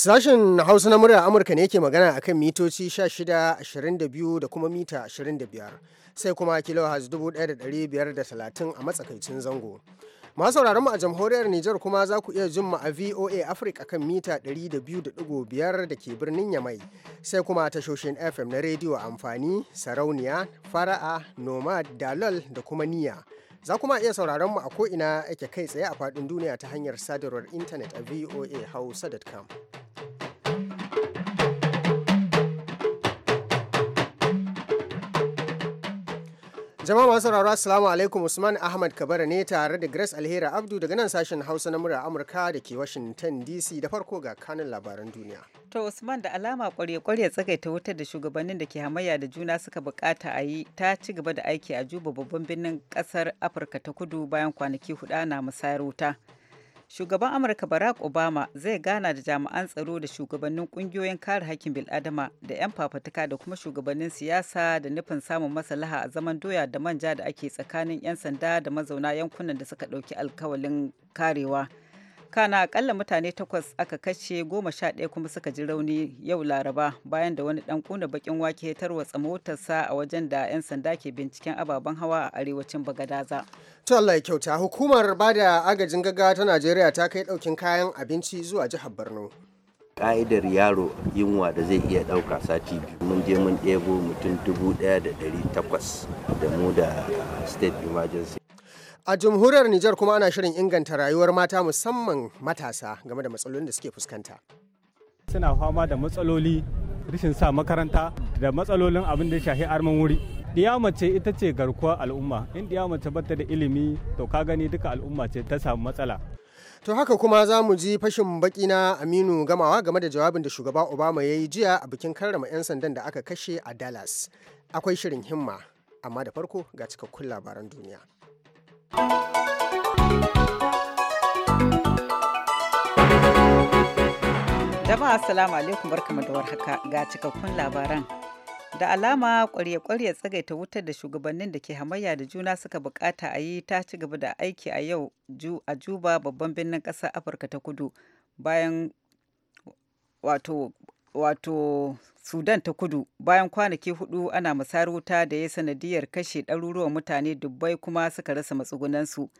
Sashen Hausa na murya Amurka ne yake magana akan mitoci 16, 22 da kuma mita 25, sai kuma kilohaz 1530 a matsakaicin zango. Masu mu a jamhuriyar Nijar kuma za ku iya jimma a VOA Africa kan mita 200.5 da ke birnin Yamai, sai kuma tashoshin FM na rediyo amfani, sarauniya, fara'a, nomad, dalol da kuma niyya. Za kuma iya sauraron mu a ko'ina ake kai tsaye a faɗin duniya ta hanyar sadarwar intanet a voa voahausa.com. Jama'a masu sauraro Assalamu alaikum Usman Ahmad Kabara ne tare da Grace Alhera Abdu daga nan sashen Hausa na murar Amurka da ke Washington DC da farko ga kanin labaran duniya. To Usman da alama kwarya kwarye ta wutar da shugabannin da ke hamayya da juna suka bukata a yi ta ci gaba da aiki a Juba babban birnin kasar Afirka ta Kudu bayan kwanaki hudu na musayar wuta. shugaban amurka barack obama zai gana da jami'an tsaro da shugabannin kungiyoyin kare hakkin biladama da 'yan fafatuka da kuma shugabannin siyasa da nufin samun maslaha a zaman doya da manja da ake tsakanin 'yan sanda da mazauna yankunan da suka dauki alkawalin karewa kana akalla mutane takwas aka kashe goma sha ɗaya kuma suka ji rauni yau laraba bayan da wani ɗan ƙuna baƙin wake ya tarwatsa motarsa a wajen da 'yan sanda ke binciken ababen hawa a arewacin bagadaza to allah ya kyauta hukumar bada agajin gaggawa ta najeriya ta kai ɗaukin kayan abinci zuwa jihar borno ka'idar yaro yunwa da zai iya ɗauka sati biyu mun je mun ɗebo mutum dubu ɗaya da ɗari takwas da mu da state emergency A jamhuriyar Nijar kuma ana shirin inganta rayuwar mata musamman matasa game da matsalolin da suke fuskanta. Suna fama da matsaloli rashin sa makaranta da matsalolin abin da ya shafi arman wuri. Diya mace ita ce garkuwa al'umma, in diya mace bata da ilimi to ka gani duka al'umma ce ta samu matsala. To haka kuma za mu ji fashin baki na Aminu Gamawa game da jawabin da shugaba Obama ya yi jiya a bikin karrama 'yan sandan da aka kashe a Dallas. Akwai shirin himma, amma da farko ga cikakkun labaran duniya. Jama'a assalamu alaikum barkamu da warhaka ga cikakkun labaran. Da alama kwarye-kwarye tsagaita wutar da shugabannin da ke hamayya da juna suka bukata a yi ta ci gaba da aiki a yau a Juba babban birnin ƙasar Afirka ta Kudu bayan wato wato sudan ta kudu bayan kwanaki hudu ana musayar wuta da ya sanadiyar kashe ɗaruruwan mutane dubbai kuma suka rasa matsugunansu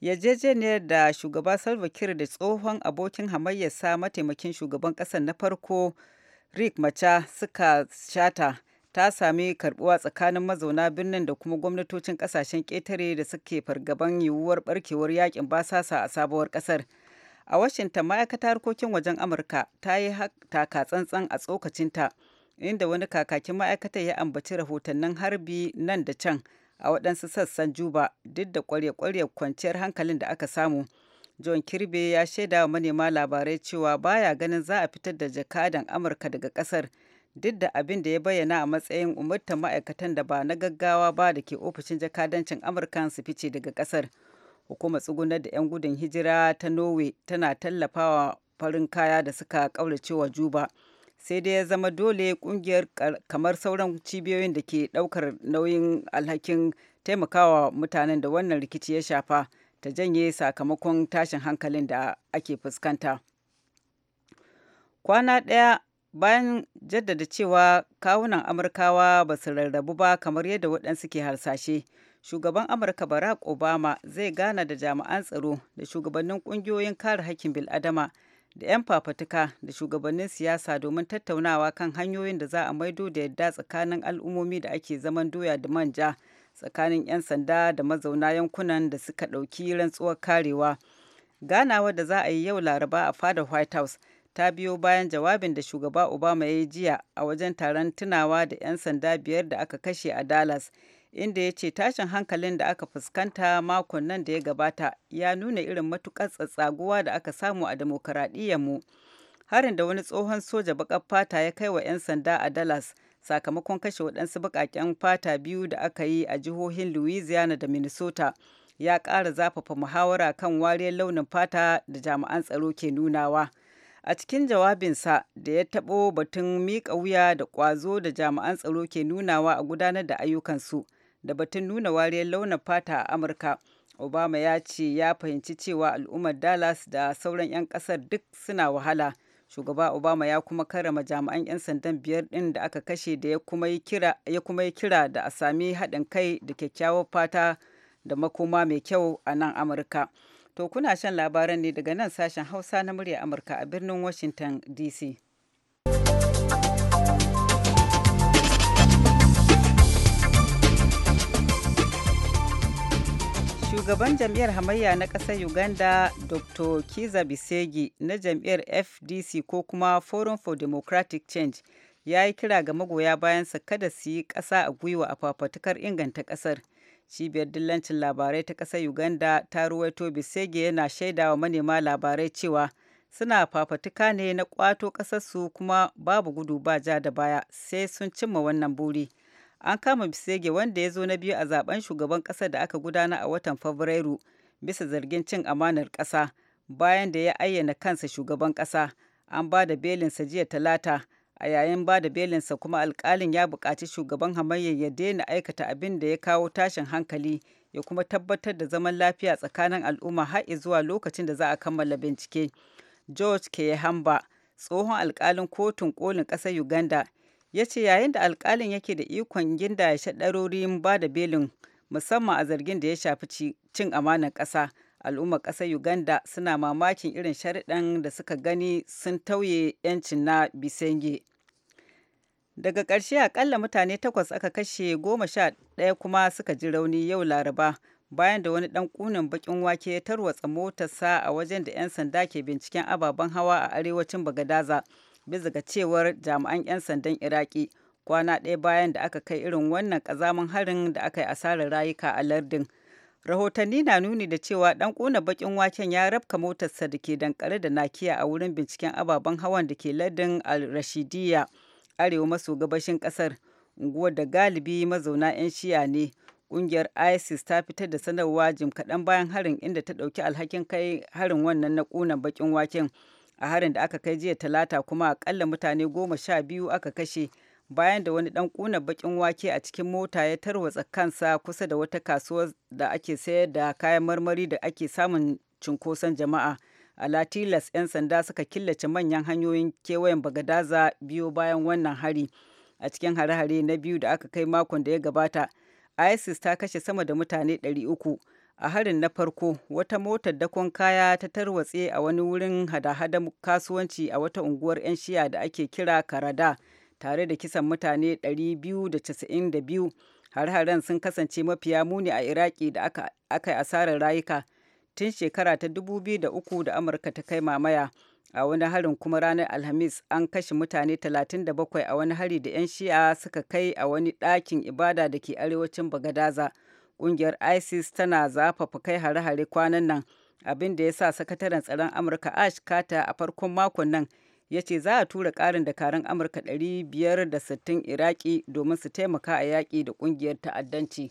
yarjejeniyar da shugaba salva kiir da tsohon abokin hamayyarsa mataimakin shugaban ƙasar na farko rick macha suka shata ta sami karbuwa tsakanin mazauna birnin da kuma gwamnatocin ƙasashen ƙetare da suke fargaban yiwuwar barkewar yakin basasa a sabuwar ƙasar. a washington ma'aikata harkokin wajen amurka ta yi taka tsantsan a tsokacinta inda wani kakakin ma'aikatar ya ambaci rahotannin harbi nan da can a waɗansu sassan juba duk da kwarya-kwaryar kwanciyar hankalin da aka samu john kirby ya shaida wa manema labarai cewa baya ganin za a fitar da jakadan amurka daga ƙasar duk da abin da ya bayyana a matsayin umartar ma'aikatan da ba na gaggawa ba da ke ofishin jakadancin amurka su fice daga ƙasar. hukumar tsugunar da 'yan gudun hijira ta norway tana tallafawa farin kaya da suka kauracewa juba sai dai ya zama dole kungiyar kamar sauran cibiyoyin da ke daukar nauyin alhakin taimakawa mutanen da wannan rikici ya shafa ta janye sakamakon tashin hankalin da ake fuskanta kwana ɗaya bayan jaddada cewa kawunan amurkawa ba su rarrabu ba kamar yadda waɗansu ke harsashe shugaban amurka barack obama zai gana da jami'an tsaro da shugabannin kungiyoyin kare hakkin bil'adama da 'yan fafatuka da shugabannin siyasa domin tattaunawa kan hanyoyin da za a maido da yadda tsakanin al'ummomi da ake zaman doya da manja tsakanin 'yan sanda da mazauna yankunan da suka ɗauki rantsuwar karewa ganawa da za a yi yau laraba a fadar white house ta biyo bayan jawabin da shugaba obama ya yi jiya a wajen taron tunawa da 'yan sanda biyar da aka kashe a dallas inda ya ce tashin hankalin da aka fuskanta makon nan da ya gabata ya nuna irin matukar tsatsaguwa da aka samu a mu harin da wani tsohon soja baƙar fata ya kai wa 'yan sanda a dallas sakamakon kashe waɗansu baƙaƙen fata biyu da aka yi a jihohin louisiana da minnesota ya ƙara zafafa muhawara kan wariyar launin fata da jami'an tsaro ke nunawa a cikin jawabinsa da ya taɓo batun miƙa wuya da ƙwazo da jami'an tsaro ke nunawa a gudanar da ayyukansu da batun nuna wariyar launin fata a amurka obama ya ce ya fahimci cewa al'ummar dallas da sauran 'yan kasar duk suna wahala shugaba obama ya kuma karrama jami'an 'yan sandan biyar ɗin da aka kashe da ya kuma yi kira da a sami haɗin kai da kyakkyawar fata da makoma mai kyau a nan amurka to kuna shan labaran ne daga nan sashen hausa na murya amurka a birnin washington dc shugaban jam'iyyar hamayya na ƙasar uganda dr kiza bisegi na jam'iyyar fdc ko kuma forum for democratic change ya yi kira ga magoya bayansa kada su yi ƙasa a gwiwa a fafatukar inganta ƙasar cibiyar dillancin labarai ta ƙasar uganda ta ruwaito bisege yana shaidawa manema labarai cewa suna fafatuka ne na ƙwato ƙasarsu kuma babu gudu ba ja da baya sai sun cimma wannan buri an kama bisege wanda ya zo na biyu a zaben shugaban kasa da aka gudana a watan fabrairu bisa zargin cin amanar kasa bayan da ya ayyana kansa shugaban kasa an ba da belinsa jiya talata a yayin ba da belinsa kuma alkalin ya bukaci shugaban hamayya ya daina aikata abin da ya kawo tashin hankali ya kuma tabbatar da zaman lafiya tsakanin al'umma har zuwa lokacin da za a kammala bincike george hamba tsohon alkalin kotun kolin ƙasar uganda ya ce yayin da alkalin yake da ikon ginda ya shaɗarorin ba da belin musamman a zargin da ya shafi cin amanar ƙasa al'ummar ƙasar uganda suna mamakin irin sharuɗan da suka gani sun tauye 'yancin na bisenge daga ƙarshe akalla mutane takwas aka kashe goma sha ɗaya kuma suka ji rauni yau laraba bayan da wani ɗan ƙunin baƙin wake ya tarwatsa motarsa a wajen da 'yan sanda ke binciken ababen hawa a arewacin bagadaza bisa ga cewar jami'an 'yan sandan iraki kwana ɗaya bayan da aka kai irin wannan ƙazamin harin da aka yi asarar rayuka a lardin rahotanni na nuni da cewa ɗan ƙona bakin waken ya rafka motarsa da ke dankare da nakiya a wurin binciken ababen hawan da ke lardin al-rashidiyya arewa maso gabashin ƙasar unguwar da galibi mazauna 'yan shiya ne ƙungiyar isis ta fitar da sanarwa jim kaɗan bayan harin inda ta ɗauki alhakin kai harin wannan na ƙuna bakin waken a harin da aka kai jiya talata kuma akalla mutane goma sha biyu aka kashe bayan da wani dan kuna bakin wake a cikin mota ya tarwatsa kansa kusa da wata kasuwar da ake sayar da kayan marmari da ake samun cunkoson jama'a a latilas 'yan sanda suka killace manyan hanyoyin kewayen bagadaza biyu bayan wannan hari a cikin hare-hare na biyu da aka kai makon da ya gabata isis ta kashe sama da mutane 300 a harin na farko wata motar dakon kaya ta tarwatse a wani wurin hada-hada kasuwanci a wata unguwar 'yan shiya da ake kira karada tare da kisan mutane 292 har-haren sun kasance mafiya muni a iraki da aka yi asarar rayuka tun shekara ta 2003 da amurka ta kai mamaya a wani harin kuma ranar alhamis an kashe mutane 37 a wani hari da 'yan shiya suka kai a wani ɗakin ibada da ke arewacin bagadaza. kungiyar ISIS tana zafafa kai hare-hare kwanan nan, abin da ya sa sakataren tsaron Amurka Ash kata a farkon makon nan ya ce za a tura ƙarin dakarun Amurka 560 Iraki domin su taimaka a yaƙi da kungiyar ta'addanci.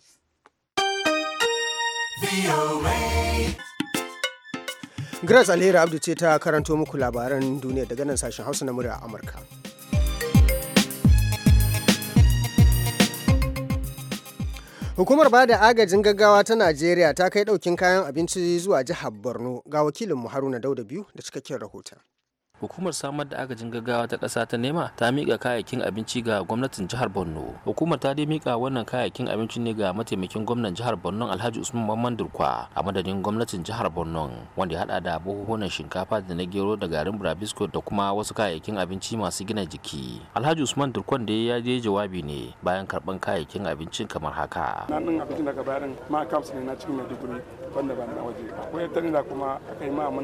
Grace Alheri Abdu ce ta karanto muku labaran duniya daga nan sashen Hausa na murya Amurka. Hukumar bada agajin gaggawa ta Najeriya ta kai ɗaukin kayan abinci zuwa jihar Borno ga wakilin Haruna Dauda biyu da cikakken rahoton. hukumar samar da agajin gaggawa ta ƙasa ta nema ta mika kayayyakin abinci ga gwamnatin jihar borno hukumar ta dai mika wannan kayayyakin abinci ne ga mataimakin gwamnan jihar borno alhaji usman mamman durkwa a madadin gwamnatin jihar borno wanda ya haɗa da buhuhunan shinkafa da na gero da garin burabisko da kuma wasu kayayyakin abinci masu gina jiki alhaji usman durkwan da ya je jawabi ne bayan karɓan kayayyakin abincin kamar haka na ba na waje akwai da kuma ma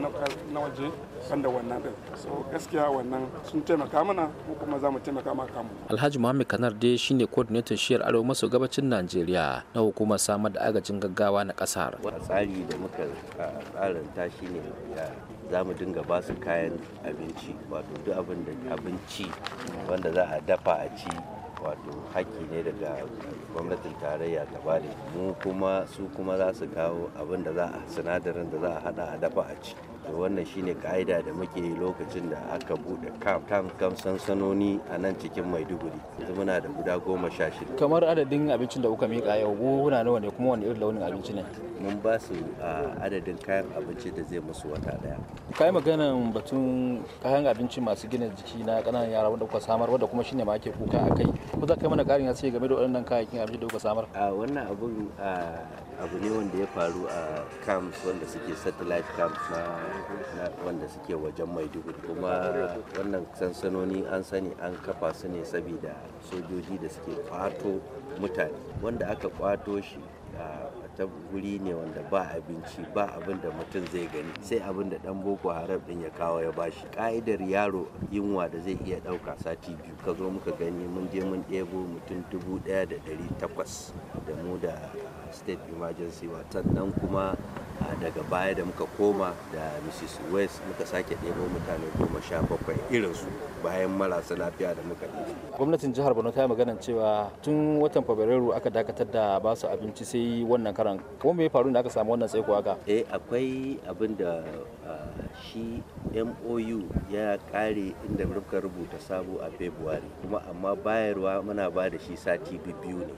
na waje wanda wannan so gaskiya wannan sun taimaka mana ko kuma za mu taimaka ma kamu alhaji muhammad kanar dai shine coordinator shiyar arewa maso gabacin najeriya na hukumar samar da agajin gaggawa na kasar tsari da muka tsaranta shine za mu dinga ba su kayan abinci wato duk abin da abinci wanda za a dafa a ci wato haƙƙi ne daga gwamnatin tarayya ta bada mu kuma su kuma za su kawo abin da za a sinadarin da za a hada a dafa a ci to wannan shine ka'ida da muke lokacin da aka bude kam kam sansanoni a nan cikin maiduguri yanzu muna da guda goma sha shida kamar adadin abincin da kuka mika yau buhuna nawa ne kuma wani irin launin abinci ne mun ba su adadin kayan abinci da zai musu wata daya kai maganan batun kayan abinci masu gina jiki na kananan yara wanda kuka samar wanda kuma shine ma ake kuka akai ko za ka yi mana karin yasi game da waɗannan kayayyakin abinci da kuka samar a wannan abun abu ne wanda ya faru a camps wanda suke satellite camps na, wanda suke wajen maiduguri kuma wannan sansanoni an sani an kafa su ne saboda sojoji da suke kwato mutane wanda aka kwato shi ta guri ne wanda ba abinci ba abin da mutum zai gani sai abin da dan boko haram din ya kawo ya bashi ka'idar yaro yunwa da zai iya dauka sati biyu ka zo muka gani mun je mun ɗebo mutum dubu ɗaya da ɗari takwas da mu da state emergency watan nan kuma daga baya da muka koma da mrs west muka sake ɗebo mutane goma sha bakwai su bayan marasa lafiya da muka ɗi gwamnatin jihar borno ta yi magana cewa tun watan fabrairu aka dakatar da ba su abinci sai wannan karan kuma me ya faru da aka samu wannan tsaiko haka eh akwai abin da shi mou ya kare inda muka rubuta sabo a february kuma amma bayarwa muna ba da shi sati biyu ne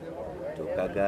to kaga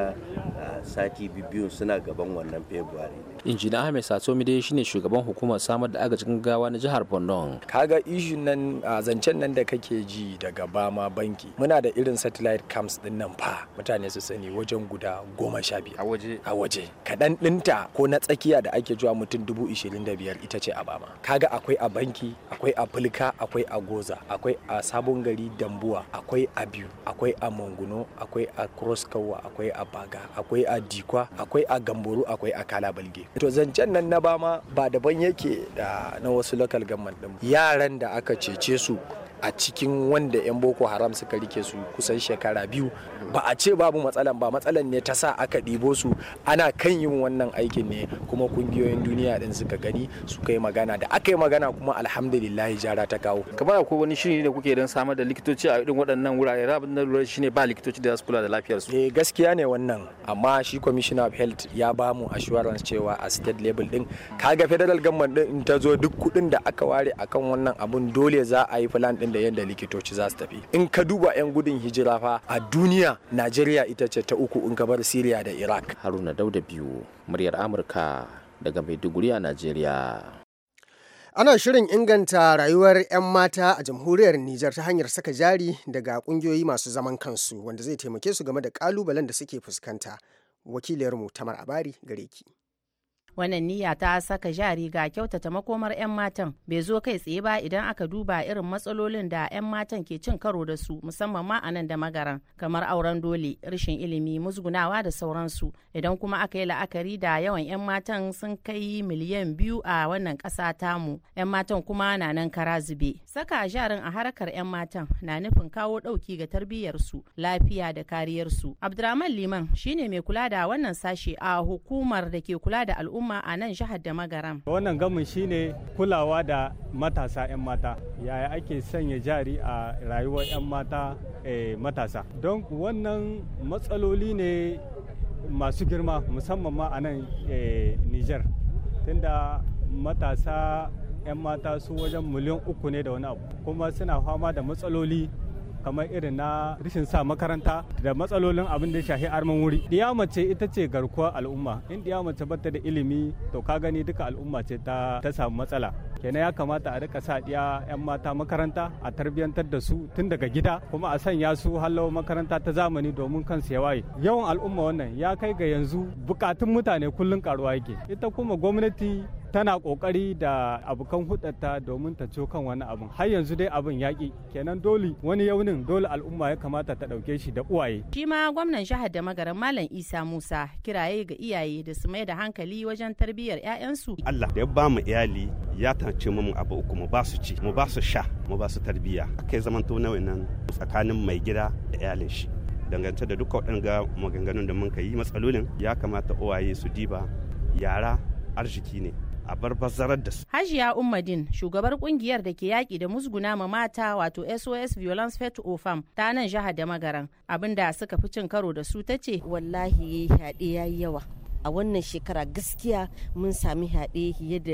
ah, sati biyu suna gaban wannan february injina ahmed satomide shine shugaban hukumar samar da agajin gawa na jihar borno kaga ishu nan ah, zancen nan da kake ji daga bama banki muna da irin satellite camps din nan fa mutane su sani wajen guda goma sha biyu a waje kaɗan ɗinta ko na tsakiya da ake zuwa mutum dubu ishirin da biyar ita ce a bama kaga akwai a banki akwai a fulka akwai a goza akwai a sabon gari dambuwa akwai a biyu akwai a manguno akwai a cross kawa akwai a Baga akwai a Dikwa akwai a Gamboru akwai a Kalabalge to zancen nan na ba ma ba daban yake da na wasu lokal government din yaran da aka cece su a cikin wanda 'yan boko haram suka rike su kusan shekara biyu ba a ce babu matsalan ba matsalan ne ta sa aka ɗibo su ana kan yin wannan aikin ne kuma kungiyoyin duniya din suka gani suka yi magana da aka yi magana kuma alhamdulillah jara ta kawo kamar ko wani shiri da kuke don samar da likitoci a irin waɗannan wurare rabin na lura shine ba likitoci da za su kula da lafiyar su eh gaskiya ne wannan amma shi commissioner of health ya ba mu assurance cewa a state level din kaga federal government din in ta zo duk kuɗin da aka ware akan wannan abun dole za a yi plan din yanayin da yadda likitoci za su tafi in ka duba 'yan gudun hijira fa a duniya najeriya ita ce ta uku in ka bar siriya da iraq haruna dauda biyu muryar amurka daga maiduguri a najeriya ana shirin inganta rayuwar 'yan mata a jamhuriyar Nijar ta hanyar saka jari daga kungiyoyi masu zaman kansu wanda zai taimake su game da kalubalen da suke fuskanta wakiliyarmu tamar abari gare ki Wannan niyya ta saka jari ga kyautata makomar 'yan matan bai zo kai tsaye ba idan aka duba irin matsalolin da 'yan matan ke cin karo da su musamman ma a nan da magaran kamar auren dole, rashin ilimi, musgunawa da sauransu. Idan kuma aka yi la'akari da yawan 'yan matan sun kai miliyan biyu a wannan ƙasa tamu, 'yan matan kuma na nan kara zube. Saka jarin a harkar 'yan matan na nufin kawo ɗauki ga tarbiyyarsu, lafiya da kariyarsu. Abdurrahman Liman shine mai kula da wannan sashe a hukumar da ke kula da al'umma al'umma a nan jihar da magaram. Wannan gamin shine kulawa da matasa 'yan mata yaya ake sanya jari a rayuwar 'yan mata eh, matasa. Don wannan matsaloli ne masu girma musamman ma a nan eh, Nijar. Tunda matasa 'yan mata su wajen miliyan uku ne da wani abu kuma suna fama da matsaloli kamar irin na rashin sa makaranta da matsalolin abin da shahi arman wuri diya mace ita ce garkuwar al'umma in diya mace bata da ilimi to ka gani duka al'umma ce ta samu matsala kenan ya kamata a rika sa ɗiya 'yan mata makaranta a tarbiyyantar da su tun daga gida kuma a sanya su hallo makaranta ta zamani domin kansu ya waye yawan al'umma wannan ya kai ga yanzu bukatun mutane kullum karuwa yake ita kuma gwamnati tana kokari da abokan hudata domin ta ciyo kan wani abin har yanzu dai abin yaƙi kenan dole wani yaunin dole al'umma ya kamata ta ɗauke shi da uwaye shi ma gwamnan jihar da magaran malam isa musa kiraye ga iyaye da su mai da hankali wajen tarbiyyar 'ya'yansu allah da ya ba mu iyali ya kasance mu abu uku mu ba su ci mu ba su sha mu ba su tarbiyya akai zamanto na nan tsakanin mai gida da iyalin shi dangance da duka waɗanga maganganun da mun yi matsalolin ya kamata uwaye su diba yara arziki ne a bar bazarar da su. Hajiya Ummadin, shugabar kungiyar da ke yaƙi da musguna ma mata wato SOS Violence Fet Ofam ta nan jihar da magaran abinda suka fi cin karo da su ta ce. Wallahi ya yi yawa. a wannan shekara gaskiya mun sami haɗe fiye da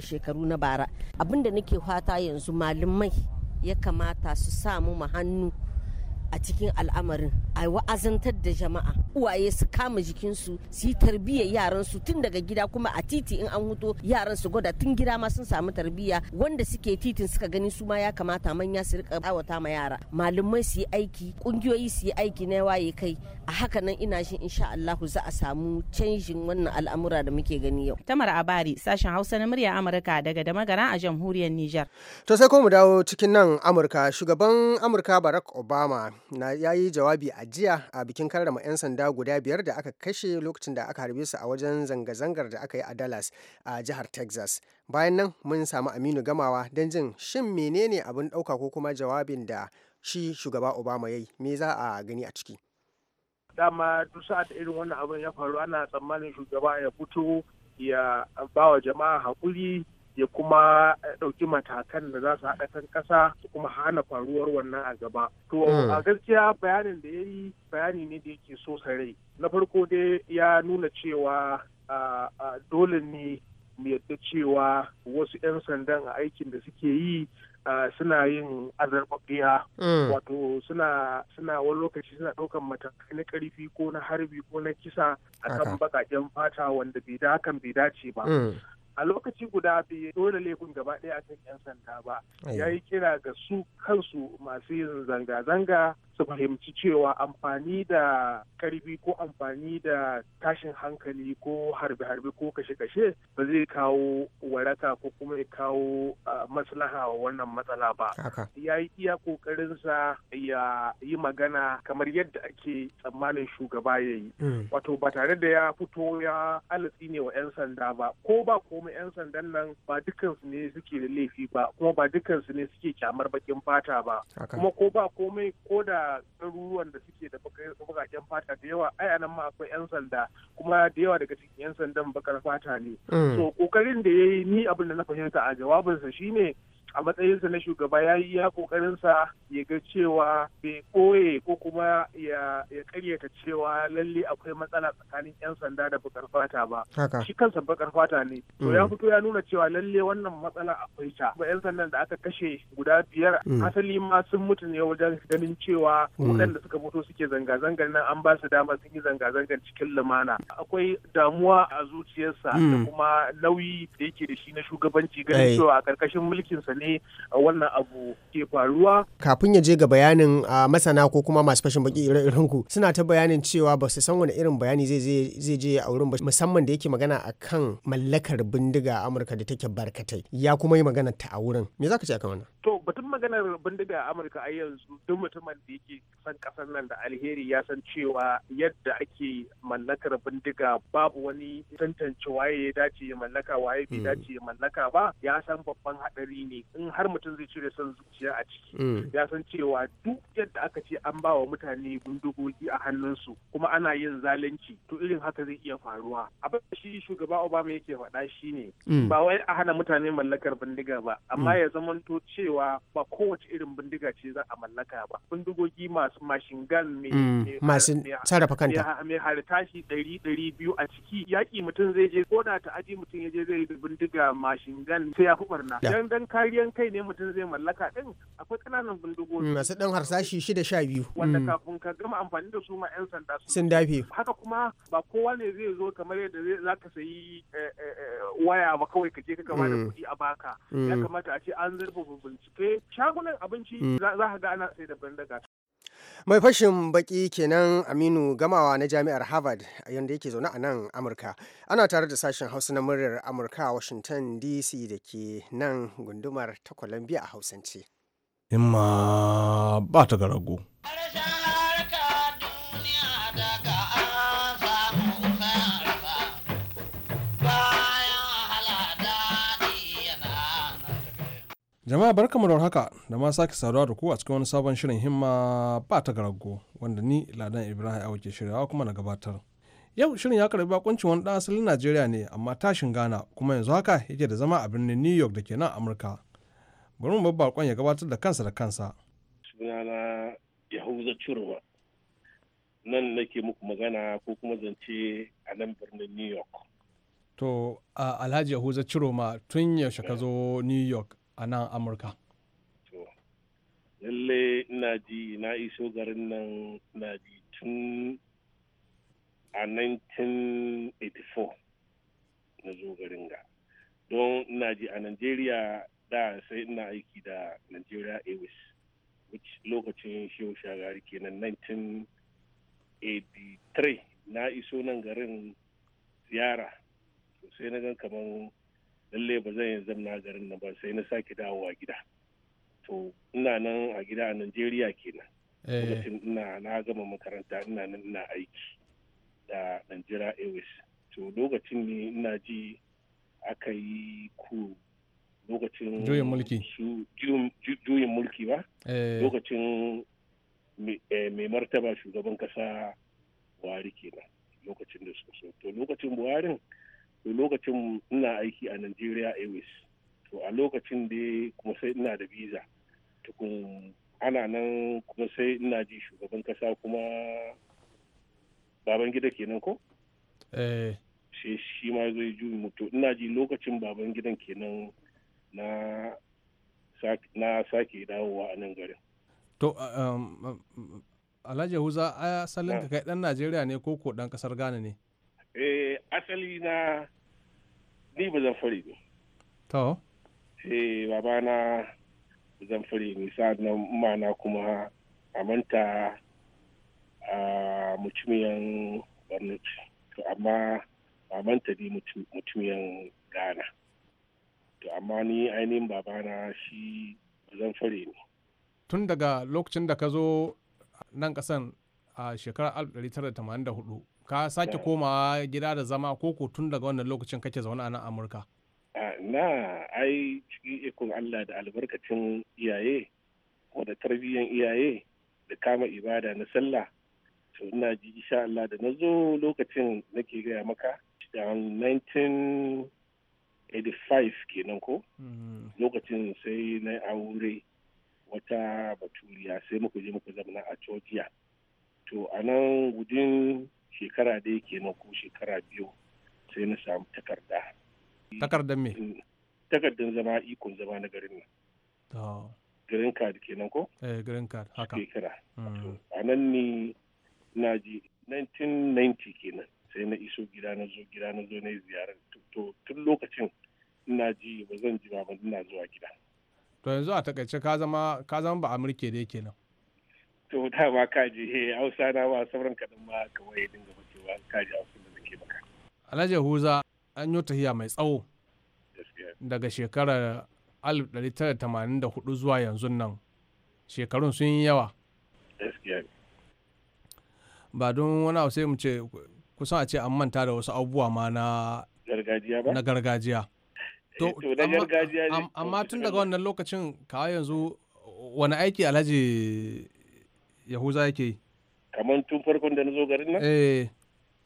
shekaru na bara abin da nake fata yanzu malamai ya kamata su samu mu hannu a cikin al'amarin a wa'azantar da jama'a uwaye su kama jikinsu su yi tarbiyyar yaransu tun daga gida kuma a titi in an huto yaran su gwada tun gida ma sun samu tarbiyya wanda suke titin suka gani su ma ya kamata manya su rika awata ma yara malamai su yi aiki ƙungiyoyi su yi aiki na waye kai a haka nan ina shi insha allahu za a samu canjin wannan al'amura da muke gani yau tamar abari sashen hausa na murya amurka daga damagara a jamhuriyar niger to sai ko mu dawo cikin nan amurka shugaban amurka barack obama na yayi jawabi a jiya a bikin karrama 'yan sanda guda biyar da aka kashe lokacin da aka harbe su a wajen zanga-zangar da aka yi a dallas a jihar texas bayan nan mun samu aminu gamawa don jin shin menene abin ɗauka ko kuma jawabin da shi shugaba obama ya yi me za a gani a ciki dama duk sa'ad irin wannan abin ya faru ana tsammanin shugaba ya fito ya bawa jama'a hakuri ya kuma ɗauki matakan da za su haɗa kan ƙasa su kuma hana faruwar wannan a gaba. To hmm. a gaskiya bayanin da ya yi bayani ne da yake so sarai. Na farko dai ya nuna cewa dole ne mu yadda cewa wasu 'yan sandan a aikin da suke yi suna yin azarbaɓiya mm. wato suna suna wani lokaci suna ɗaukan matakai na ƙarfi ko na harbi ko na kisa A kan baƙaƙen fata wanda bai da hakan bai dace ba mm. a lokaci guda bai dole laifin gaba ɗaya a kan 'yan sanda ba ya yi kira ga su kansu masu yin zanga-zanga su fahimci cewa amfani da karbi ko amfani da tashin hankali ko harbe-harbe ko kashe-kashe ba zai kawo waraka ko kuma ya kawo maslaha wa wannan matsala ba. Ya yi iya kokarinsa ya yi magana kamar yadda ake tsammanin shugaba ya yi. Hmm. Wato ba tare da ya fito ya alatsi ne wa 'yan sanda ba ko ba komai 'yan sandan nan ba dukansu ne suke da laifi ba kuma ba dukansu ne suke kyamar bakin fata ba kuma ko ba komai ko da ɗaruruwan da suke da bakaken fata da yawa ai anan ma akwai 'yan sanda kuma da yawa daga cikin 'yan sandan bakar fata ne mm. so kokarin da ya yi ni abin da na fahimta a jawabinsa shine a matsayinsa na shugaba ya yi ya kokarinsa ya ga cewa bai ɓoye ko kuma ya karyata cewa lalle akwai matsala tsakanin 'yan sanda da bakar fata ba shi kansa bakar fata ne to ya mm. fito ya nuna cewa lalle wannan matsala akwai ta ba 'yan sandan da aka kashe guda biyar mm. asali ma sun mutu ne wajen ganin cewa mm. waɗanda suka mutu suke zanga-zangar nan an ba su dama sun yi zanga-zangar cikin lumana akwai damuwa a zuciyarsa da kuma nauyi da yake da shi na shugabanci ganin cewa a ƙarƙashin sa ne ne wannan abu ke faruwa. Kafin ya je ga bayanin masana ko kuma masu fashin baki irin ku suna ta bayanin cewa ba su san wani irin bayani zai je a wurin ba musamman da yake magana a kan mallakar bindiga a Amurka da take barkatai ya kuma yi magana ta a wurin me zaka ce a wannan? To batun maganar bindiga a Amurka a yanzu duk mutumin da yake san kasar nan da alheri ya san cewa yadda ake mallakar bindiga babu wani tantance waye ya dace ya mallaka waye bai hmm. dace ya mallaka ba ya san babban hadari ne in har mutum zai cire son zuciya a ciki mm. ya san cewa duk yadda aka ce an ba wa mutane bindigogi a hannunsu kuma ana yin zalunci to irin haka zai iya faruwa abin shi shugaba obama yake faɗa shi ne mm. ba wai a hana mutane mallakar bindiga ba amma mm. ya zamanto cewa ba kowace irin bindiga ce za a mallaka ba bindigogi masu mashin gan mai masu sarrafa kanta mai ɗari ɗari biyu a ciki yaƙi mutum zai je ko da ta aji mutum ya je zai da bindiga mashin gan sai ya fi barna dan karyaryen kai ne mutum zai mallaka din akwai kananan bindigogi masu ɗan harsashi shida sha biyu wanda mm. kafin ka gama amfani da su ma 'yan sanda sun dafe haka kuma ba kowa ne zai zo kamar yadda za ka sayi eh, eh, eh, waya ba kawai ka je ka gama da mm. kuɗi a baka mm. ya kamata a ce an zurfafa bincike shagunan abinci za ka ga ana sai da bindiga mai fashin baki kenan aminu gamawa na jami'ar harvard yadda yake zaune a nan amurka ana tare da sashen hausa na muryar amurka a washington dc da ke nan gundumar ta columbia a hausance ma ba ta ga rago jama'a barkamu da haka da ma sake saduwa da ku a cikin wani sabon shirin himma ba ta garago wanda ni ladan ibrahim awo ke shiryawa kuma na gabatar yau shirin ya karbi bakuncin wani dan asalin najeriya ne amma tashin ghana kuma yanzu haka yake da zama a birnin new york da ke nan amurka bari mu bar bakon ya gabatar da kansa da kansa sunana yahuza curwa nan nake muku magana ko kuma zance a nan birnin new york to alhaji yahuza ciroma tun yaushe ka eh. zo new york a nan amurka lalle ina ji na iso garin nan na ji tun a 1984 na zo garin ga don ina ji a nigeria da sai ina aiki da nigeria airways which lokacin shehu shagari kenan 1983 na iso nan garin ziyara sai na gan kamar lalle ba zan zamna garin nan ba sai na sake a gida to ina nan a gida a najeriya kenan eh. lokacin ina na gama makaranta ina nan ina aiki da nigeria airways to lokacin ne ina ji aka yi ku lokacin juyin mulki juyin mulki ba eh. lokacin eh, mai martaba shugaban kasa buhari kenan lokacin da su to lokacin buharin to lokacin ina aiki a Nigeria Airways to a lokacin da kuma sai ina da visa to kun ana nan kuma sai ina ji shugaban kasa kuma baban gida kenan ko? eh shi shi ma zai mu to ina ji lokacin baban gidan kenan na na sake dawowa a nan garin to um, um, alhaji huza asalin ka kai dan najeriya ne ko ko dan kasar ghana ne eh asali na ni ba zan fari ne to eh baba na zan fari ne sa'annan mana kuma amanta a ah, mutumiyan barno to amma mamanta ne mutumiyan ghana to amma ni ainihin babana shi zan fare ne tun daga lokacin da ka zo nan kasan a shekarar 1984 ka sake eh. komawa gida da zama ko ko tun daga wannan lokacin kake zaune a nan amurka na ai cikin ikon allah da albarkacin iyaye ko da tarbiyyan iyaye da kama ibada na sallah to ina ji insha allah da na zo lokacin nake gaya maka da 1985 kenan ko mm-hmm. lokacin sai na aure wata baturiya sai muka je muka zama a georgia to a nan gudun shekara da yake na ko shekara biyu sai na samu takarda takardar me mm, takardar zama ikon zama na garin nan green card kenan ko eh green card haka shekara mm. a nan ne na ji 1990 kenan sai na iso gida na zo gida na zo na yi ziyarar to tun lokacin na ji ba zan ji ba ina zuwa gida to yanzu a takaice ka zama ka zama ba amurke yake kenan to dama kaji he eh, hausa na ma sauran kaɗan ma kawai ya dinga bacewa kaji a wasu da nake baka. Alhaji Huza an yi tahiya mai tsawo daga shekarar 1984 zuwa yanzu nan shekarun sun yi yawa. Ba don wani abu sai mu ce kusan a ce an manta da wasu abubuwa ma na gargajiya. To, eh, amma tun daga wannan lokacin kawai yanzu wani aiki alhaji za yake yi kamar tun farkon da na zo garin nan eh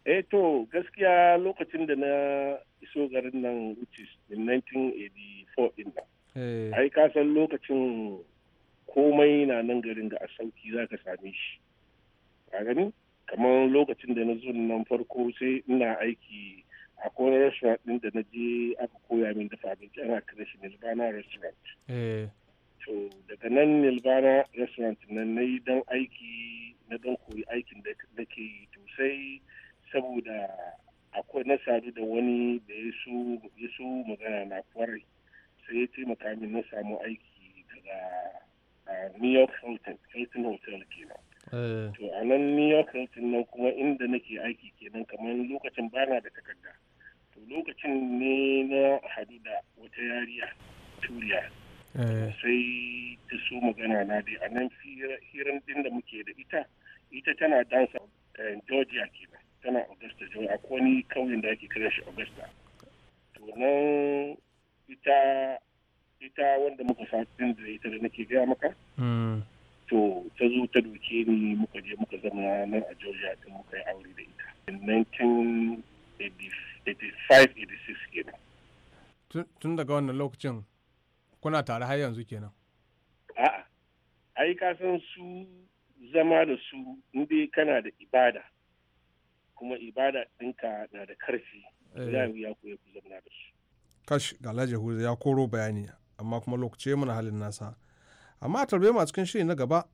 eh to gaskiya lokacin da na iso garin nan which is in 1984 din nan eh. ai ka san lokacin komai na nan garin ga a sauki za ka same shi a gani kamar lokacin da na zo nan farko sai ina aiki a kone restaurant din da na je aka koya min dafa abinci ana kira shi Nirvana restaurant eh. to daga nan nilvana restaurant nan na yi don aiki na don koyi aikin da ke yi to sai saboda akwai na sadu da wani da ya so magana na kwarai sai ya taimaka min na samu aiki daga new york hilton hotel kenan eh. to a nan new york hilton nan kuma inda nake aiki kenan kamar lokacin bana da takarda to lokacin ne na hadu da wata yariya turiya Eh. sai ta so magana na dai a nan hirar din da muke da ita ita tana dansa eh, georgia kenan tana augusta a akwai wani kauyen da ake kiran shi augusta to nan ita ita wanda muka fatin da ita da nake gaya maka hmm. to ta zo ta doke ni muka je muka zama nan a georgia din muka yi aure da ita 1985-86 kenan tun daga wannan lokacin kuna tare har yanzu kenan a'a ai ka san su zama da su inda kana da ibada kuma ibada ɗinka na da karfi za mu ya koya eh. ku zama da su kash ga alhaji huza ya koro bayani amma kuma lokaci mana halin nasa amma a tarbe cikin shiri na gaba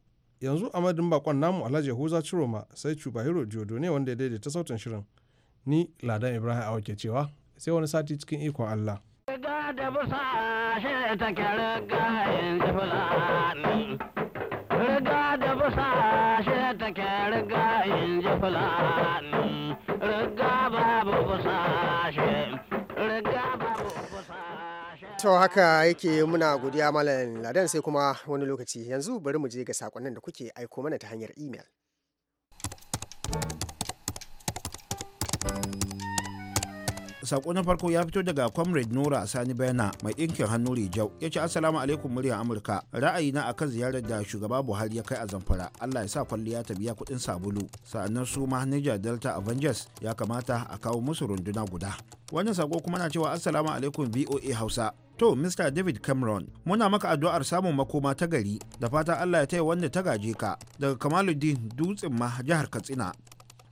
yanzu a madin bakon namu alhaji huza ma sai cuba hiro jodo ne wanda ya ta sautin shirin ni ladan ibrahim awa ke cewa sai wani sati cikin ikon allah. da ashe riga da busa ashe take riga in ji fulani. Riga babu busa ashe. Riga babu busa To haka yake muna godiya malam ladan sai kuma wani lokaci yanzu bari mu je ga sakonnin da kuke aiko mana ta hanyar imel. sako na farko ya fito daga comrade nura sani bena mai ɗinkin hannu rijau ya ce assalamu alaikum muryar amurka ra'ayi na akan ziyarar da shugaba buhari ya kai a zamfara allah ya sa kwalliya ta biya kudin sabulu sa'annan su ma niger delta avengers ya kamata a kawo musu runduna guda wannan sako kuma na cewa assalamu alaikum voa hausa To, Mr. David Cameron, muna maka addu'ar samun makoma ta gari da fata Allah ya taya wanda ta gaje ka daga Kamaluddin Dutsen ma jihar Katsina.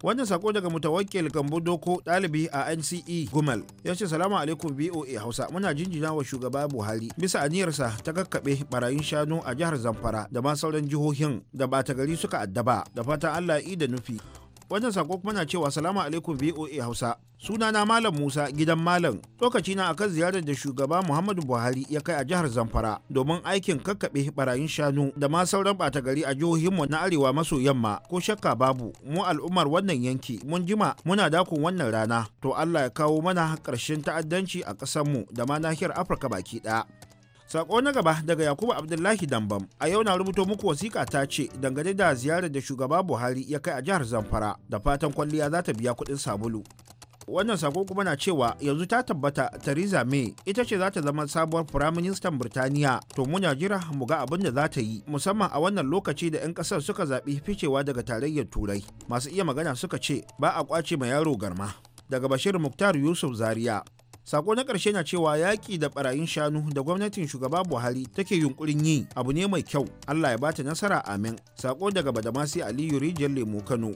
wannan sako daga mutawakkil gambo doko dalibi a nce gumal ya ce salamu alaikum voa hausa muna jinjina wa shugaba buhari bisa aniyarsa ta kakkaɓe barayin shanu a jihar zamfara da ma sauran jihohin da ba ta gari suka addaba da fatan allah i da nufi wannan sako kuma na cewa salamu alaikum voa hausa sunana malam musa gidan malam lokaci na akan ziyarar da shugaba muhammadu buhari ya kai a jihar zamfara domin aikin kakkaɓe barayin shanu da ma sauran bata gari a jihohinmu na arewa maso yamma ko shakka babu mu al'ummar wannan yanki mun jima muna dakon wannan rana to allah ya kawo mana ƙarshen ta'addanci a ƙasarmu da ma nahiyar afirka baki ɗaya Sako na gaba daga Yakubu Abdullahi Dambam a yau na rubuto muku wasiƙa ta ce dangane da ziyarar da shugaba Buhari ya kai a jihar Zamfara da fatan kwalliya za ta biya kuɗin sabulu. Wannan sako kuma na cewa yanzu ta tabbata Theresa May ita ce za ta zama sabuwar firaministan Birtaniya to muna jira mu ga abin da za ta yi musamman a wannan lokaci da 'yan ƙasar suka zaɓi ficewa daga tarayyar Turai masu iya magana suka ce ba a kwace ma yaro garma. Daga Bashir Muktar Yusuf Zaria sako na ƙarshe na cewa yaƙi da barayin shanu da gwamnatin shugaba buhari take yunkurin yi abu ne mai kyau allah ya bata nasara amin sako daga badamasi aliyu rijiyar lemo kano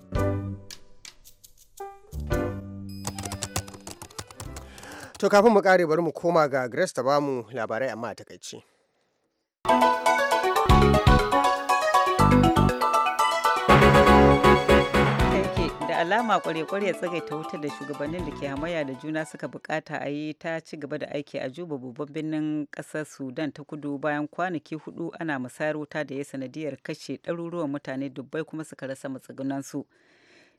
to kafin mu kare bari mu koma ga grace ta bamu labarai amma a takaice alama kware-kware ta wutar da shugabannin da ke hamaya da juna suka bukata a yi ta ci gaba da aiki a juba babban birnin kasar sudan ta kudu bayan kwanaki hudu ana musayar wuta da ya sanadiyar kashe ɗaruruwan mutane dubbai kuma suka rasa matsugunansu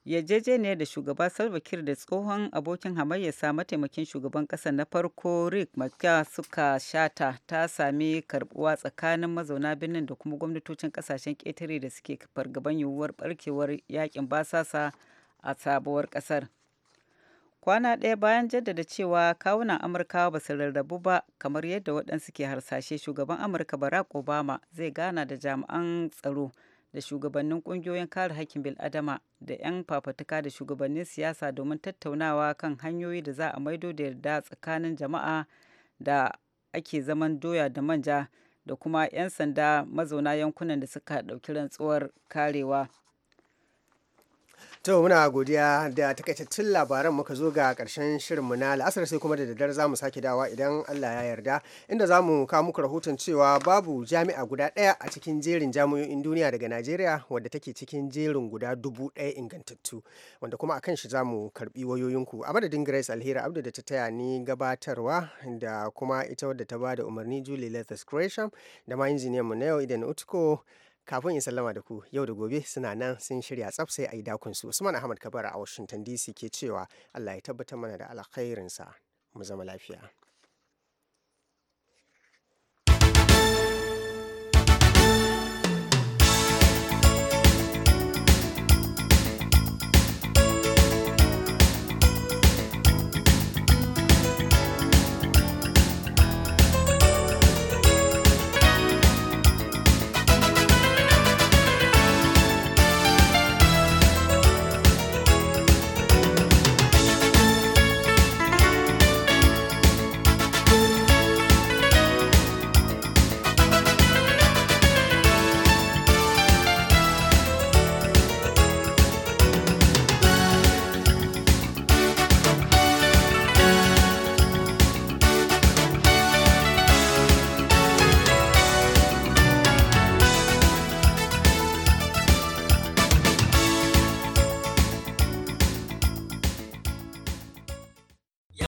yarjejeniyar da shugaba salva kiir da tsohon abokin hamayyarsa mataimakin shugaban ƙasa na farko rick mcca suka shata ta sami karbuwa tsakanin mazauna birnin da kuma gwamnatocin kasashen ƙetare da suke fargaban yiwuwar barkewar yakin basasa a sabuwar kasar kwana ɗaya bayan jaddada cewa kawunan amurka ba su rarrabu ba kamar yadda waɗansu ke harsashe shugaban amurka barack obama zai gana da jami'an tsaro da shugabannin ƙungiyoyin kare hakkin bil'adama da 'yan fafatuka da shugabannin siyasa domin tattaunawa kan hanyoyi da za a maido da yarda tsakanin jama'a da ake zaman doya da manja da kuma 'yan sanda mazauna yankunan da suka ɗauki rantsuwar karewa To muna godiya da takaitattun labaran muka zo ga karshen shirinmu na la'asar sai kuma da daddare za mu sake dawa idan Allah ya yarda inda za mu kawo muku rahoton cewa babu jami'a guda ɗaya a cikin jerin jami'o'in duniya daga Najeriya wadda take cikin jerin guda dubu ɗaya ingantattu wanda kuma akan shi za mu karɓi wayoyinku a madadin Grace Alheri Abdu da ta taya ni gabatarwa da kuma ita wadda ta ba da umarni Julie Lethes Gresham da ma injiniyan mu na yau Idan Utko kafin in sallama da ku yau da gobe suna nan sun shirya tsaf sai a yi dakun su usman ahmad kabara a washington dc ke cewa allah ya tabbatar mana da alkhairinsa mu zama lafiya